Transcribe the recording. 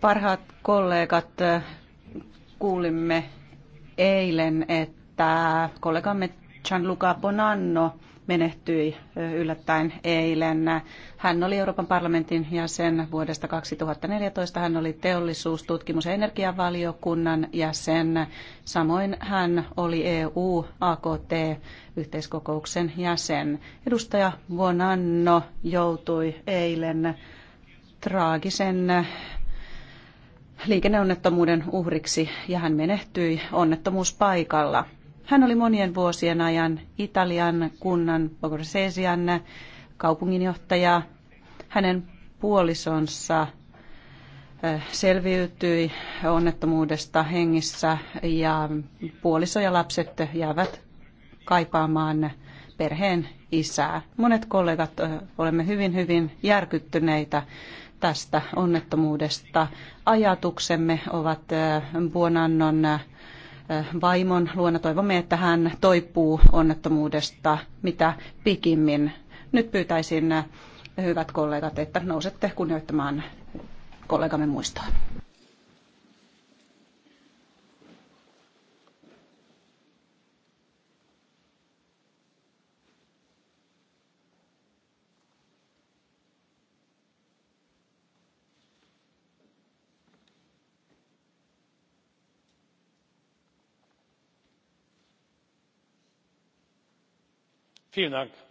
Parhaat kollegat, kuulimme eilen, että kollegamme Gianluca Bonanno menehtyi yllättäen eilen. Hän oli Euroopan parlamentin jäsen vuodesta 2014. Hän oli teollisuus-, tutkimus- ja energiavaliokunnan jäsen. Samoin hän oli EU-AKT-yhteiskokouksen jäsen. Edustaja Bonanno joutui eilen traagisen liikenneonnettomuuden uhriksi ja hän menehtyi onnettomuuspaikalla. Hän oli monien vuosien ajan Italian kunnan Bogorsesian kaupunginjohtaja. Hänen puolisonsa eh, selviytyi onnettomuudesta hengissä ja puoliso ja lapset jäävät kaipaamaan perheen isää. Monet kollegat olemme hyvin, hyvin järkyttyneitä tästä onnettomuudesta. Ajatuksemme ovat Buonannon vaimon luona. Toivomme, että hän toipuu onnettomuudesta mitä pikimmin. Nyt pyytäisin, hyvät kollegat, että nousette kunnioittamaan kollegamme muistoa. vielen dank!